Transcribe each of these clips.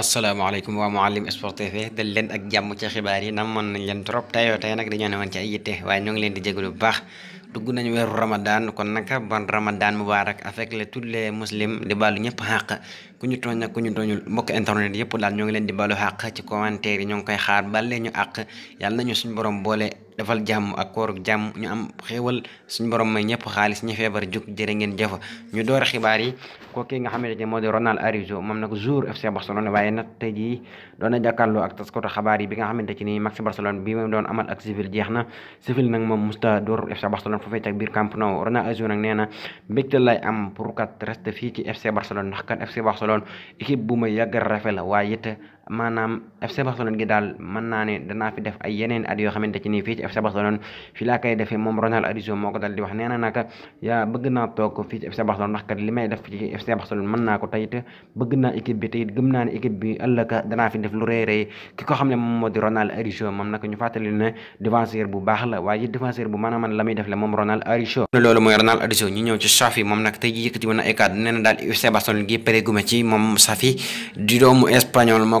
asalaamaaleykum waa Mouhalim Sport TV dal leen ak jàmm ci xibaar yi nam mën nañ leen trop tayoo tey nag dañoo ne woon ci ay yitte waaye ñoo ngi leen di jégalu bu baax dugg nañu weeru ramadan kon naka bon ramadan mubarak avec les tous les muslims di baalu ñëpp ku ñu tooñ ak ku ñu tooñul mbokk internet yëpp daal ñu ak kooruk jàmm ñu am xéewal suñu borom may ñëpp xaalis ñu feebar jug jërë ngeen ñu door a xibaar yi nga xamante ne moo di Ronald Araújo moom nag jour FC Barcelone waaye nag tey jii doon na ak taskatu xabaar bi nga xamante ci ni Maxi bi moom musta door FC Barcelone foofee ca biir Camp Nou Ronaldinho nag nee na mbégte lay am pour kat reste fii ci FC Barcelone ndax kat FC Barcelone équipe bu ma yàgg rafet la waaye it maanaam FC Barcelone gi daal mën naa ne danaa fi def ay yeneen at yoo xamante ci nii FC Barcelone fii def ci FC Barcelone mën naa ko tey it la waaye défenseur bu na ay kàddu daal FC Barcelone gi péréguma ci moom Xavi di doomu espagnol moo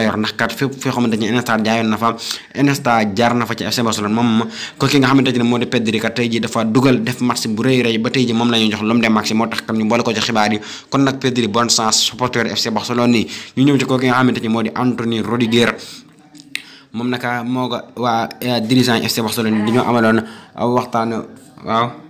la yor ndax kat fépp foo xamante ni Iniesta jaayoon na fa Iniesta jaar na fa FC Barcelone moom ko ki nga xamante ni moo di Pedri kat tey ji dafa dugal def match bu rëy ba tey ji moom la ñuy jox l'homme des matchs moo tax kam ñu boole ko ci xibaar yi kon nag Pedri bonne chance supporter FC Barcelone nii ñu ñëw ci ko ki nga xamante ni moo di Anthony Rudiger moom naka moo waa eh, dirigeant FC Barcelone di ñoo amaloon ah, waxtaan waaw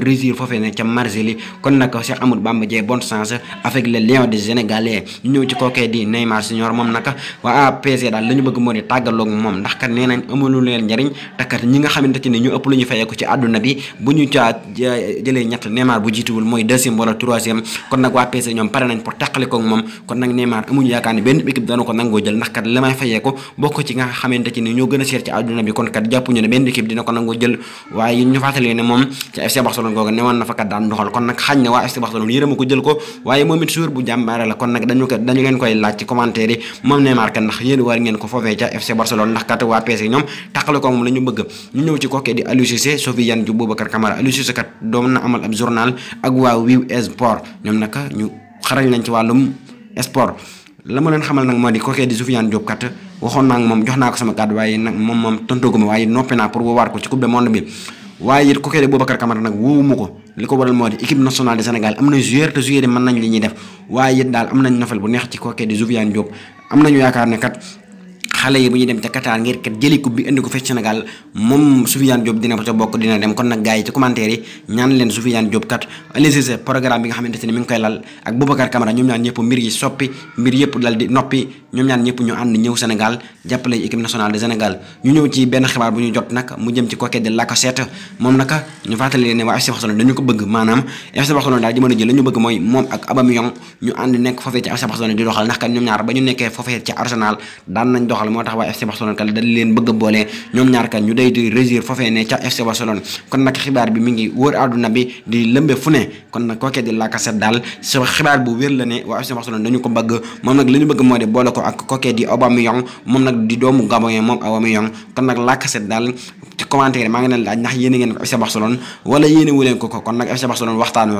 réussir foofee ne ca Marseille kon nag Cheikh Amadou amuñu yaakaar benn a seer ci àdduna bi kon kat ko nangoo jël waaye ñu fàttali ne moom ci FC Barcelone Barcelone googu na fa kat daan doxal kon nag xañ na waa FC Barcelone yërëma ko jël ko waaye moom it suur bu jàmbaare la kon nag dañu ko dañu leen koy laaj ci commentaire yi moom Neymar kat ndax yéen foofee ca FC Barcelone ndax kat waa PSG ñoom tàqale ko moom la bëgg ñu ñëw ci kookee di Aliou Cissé Sofiane Diop Boubacar Kamara Aliou Cissé kat doom na amal ab journal ak waa Wiw Sport ñoom nag ñu xarañ nañ ci wàllum sport la ma leen xamal nag moom waaye it kookee de Boubacar Kamara nag wóowuma ko li ko waral moo di équipe nationale de Sénégal am na joueur te joueur yi mën nañ li ñuy def waaye it daal am nañ nofel bu neex ci kookee di Soufiane Diop am nañu yaakaar ne kat xale yi bu ñuy dem ca Qatar ngir kat jëli coupe bi indi ko fekk Sénégal moom Soufiane Diop dina ko ca bokk dina dem kon nag gars yi ci commentaire yi ñaan leen Soufiane Diop kat Aliou Cissé programme bi nga xamante ne mi ngi koy lal ak Boubacar Camara ñoom ñaan ñëpp mbir yi soppi mbir yëpp dal di noppi ñoom ñaan ñëpp ñu ànd ñëw Sénégal jàppale équipe nationale de Sénégal ñu ñëw ci benn xibaar bu ñu jot nag mu jëm ci Coquet de Lacazette moom naka ñu fàttali leen ne waa FC Barcelone dañu ko bëgg maanaam FC Barcelone daal jamono ji la ñu bëgg mooy moom ak Aubameyang ñu ànd nekk foofee ci FC Barcelone di doxal ndax kat ñoom ñaar ba ñu nekkee foofee ci Arsenal daan nañ doxal moo tax waa FC Barcelone kat leen bëgg a boole ñoom ñaar kat ñu day di régir ne ca FC Barcelone kon nag ko bëgg moom nag li ñu bëgg moo di boole ko ak kookee di Aubameyang wa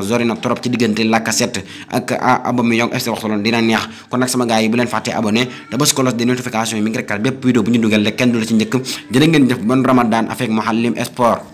sori na trop ci diggante Lacazette ak Aubameyang FC sama gars yi bu leen fàtte abonné te bës ko de notification yi mi rek kat bépp vidéo bu ñu dugal rek kenn du la ci njëkk jërë ngeen jëf bon ramadan avec Mouhalim sport